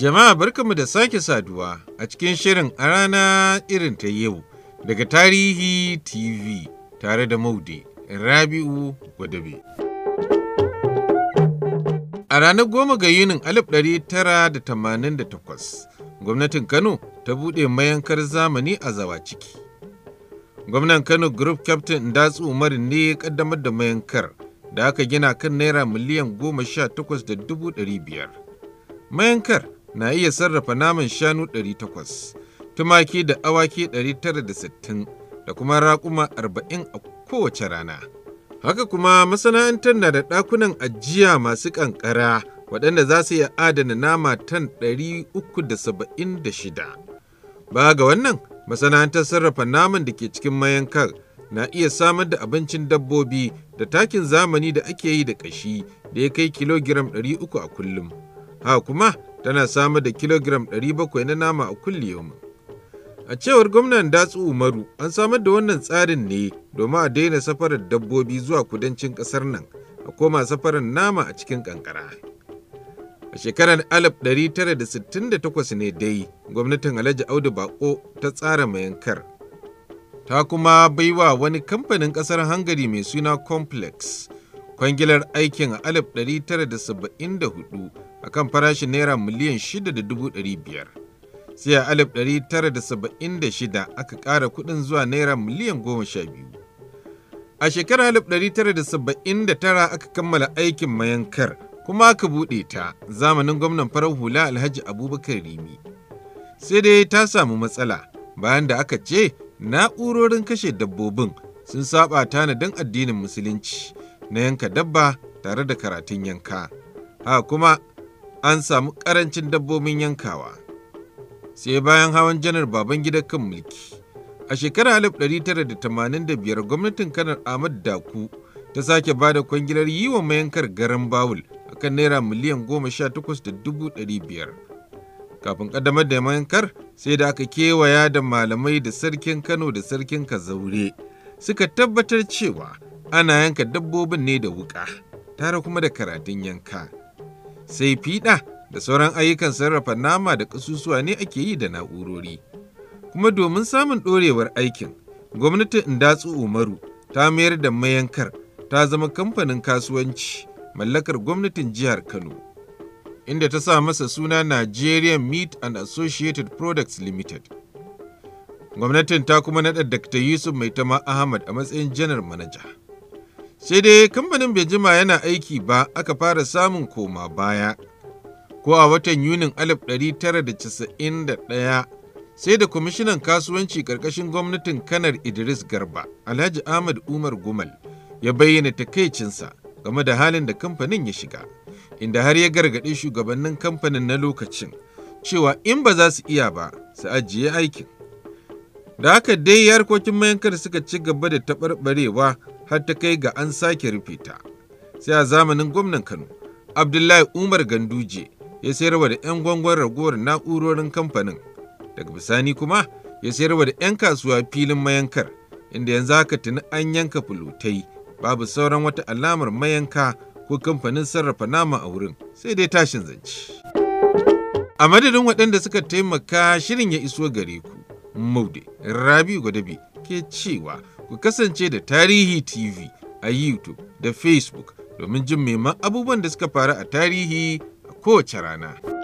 Jama'a barkanmu da sake saduwa a cikin shirin a rana irin ta yau daga Tarihi TV tare da Maude Rabi'u Gwadabe. A ranar goma ga Yunin 1988, gwamnatin Kano ta buɗe mayankar zamani a zawa ciki. Gwamnan Kano Group Captain Datsu Umar ne ya kaddamar da mayankar da aka gina kan Naira miliyan goma sha takwas da dubu Mayankar na iya sarrafa naman shanu 800, tumaki da awaki 960 da kuma raƙuma 40 a kowace rana. Haka kuma masana'antar na da ɗakunan ajiya masu ƙanƙara waɗanda za su iya adana nama tan 376. Ba ga wannan, masana'antar sarrafa naman da ke cikin mayankar na iya samar da abincin dabbobi da takin zamani da ake yi da ƙashi da ya kai kilogiram 300 a kullum. Ha kuma tana samar da kilogram 700 na nama a kulle yau. A cewar gwamnan Datsu Umaru, an samar da wannan tsarin ne domin a daina safarar dabbobi zuwa kudancin ƙasar nan, a koma safarar nama a cikin ƙanƙara. A shekarar 1968 ne dai gwamnatin Alhaji Audu Bako ta tsara mayankar. Ta kuma bai wa wani kamfanin ƙasar Hangari mai suna Complex, kwangilar aikin a 1974 a kan farashin naira miliyan 6,500 sai a 1976 aka ƙara kuɗin zuwa naira miliyan 12 a shekarar 1979 aka kammala aikin mayankar kuma aka buɗe ta zamanin gwamnan farar hula alhaji abubakar rimi sai dai ta samu matsala bayan da aka ce na'urorin kashe dabbobin sun saba tanadin addinin musulunci na yanka dabba tare da karatun yanka. Ha kuma an samu ƙarancin dabbobin yankawa. Sai bayan hawan janar baban Babangida kan mulki, a shekarar 1985 gwamnatin kanar Ahmad Daku ta sake ba da kwangilar yi wa mayankar garin Bawul a kan Naira miliyan 18,500. Kafin ƙaddamar da mayankar sai da aka kewaya da malamai da sarkin Kano da sarkin Kazaure suka tabbatar cewa ana yanka dabbobin ne da wuƙa, tare kuma da karatun yanka. sai fiɗa da sauran ayyukan sarrafa nama da ƙasusuwa ne ake yi da na'urori. Kuma domin samun ɗorewar aikin, gwamnatin Indatsu Umaru ta mayar da mayankar ta zama kamfanin kasuwanci mallakar gwamnatin jihar Kano. Inda ta sa masa suna Nigerian Meat and Associated Products Limited. Gwamnatin ta kuma naɗa Dr. Yusuf Maitama Ahmad a matsayin janar manaja. Sai dai kamfanin bai jima yana aiki ba aka fara samun koma baya. Ko a watan Yunin 1991 sai da kwamishinan kasuwanci ƙarƙashin gwamnatin kanar Idris Garba, Alhaji Ahmad Umar Gumal, ya bayyana takaicinsa game da halin da kamfanin ya shiga, inda har ya gargaɗe shugabannin kamfanin na lokacin cewa in ba za su iya ba su ajiye aikin. Da haka dai harkokin mayankar suka ci gaba da taɓarɓarewa har ta kai ga an sake rufe ta. Sai a zamanin gwamnan Kano, Abdullahi Umar Ganduje ya sayar wa da 'yan gwangon ragowar na'urorin kamfanin. Daga bisani kuma ya sayarwa da 'yan kasuwa filin mayankar, inda yanzu haka tuni an yanka fulotai, babu sauran wata alamar mayanka ko kamfanin sarrafa nama a wurin, sai dai tashin zance. A madadin waɗanda suka taimaka shirin ya iso gare ku, Maude Rabi Gwadabi ke cewa ku kasance da Tarihi TV a YouTube da Facebook domin jin meman abubuwan da suka faru a tarihi a kowace rana.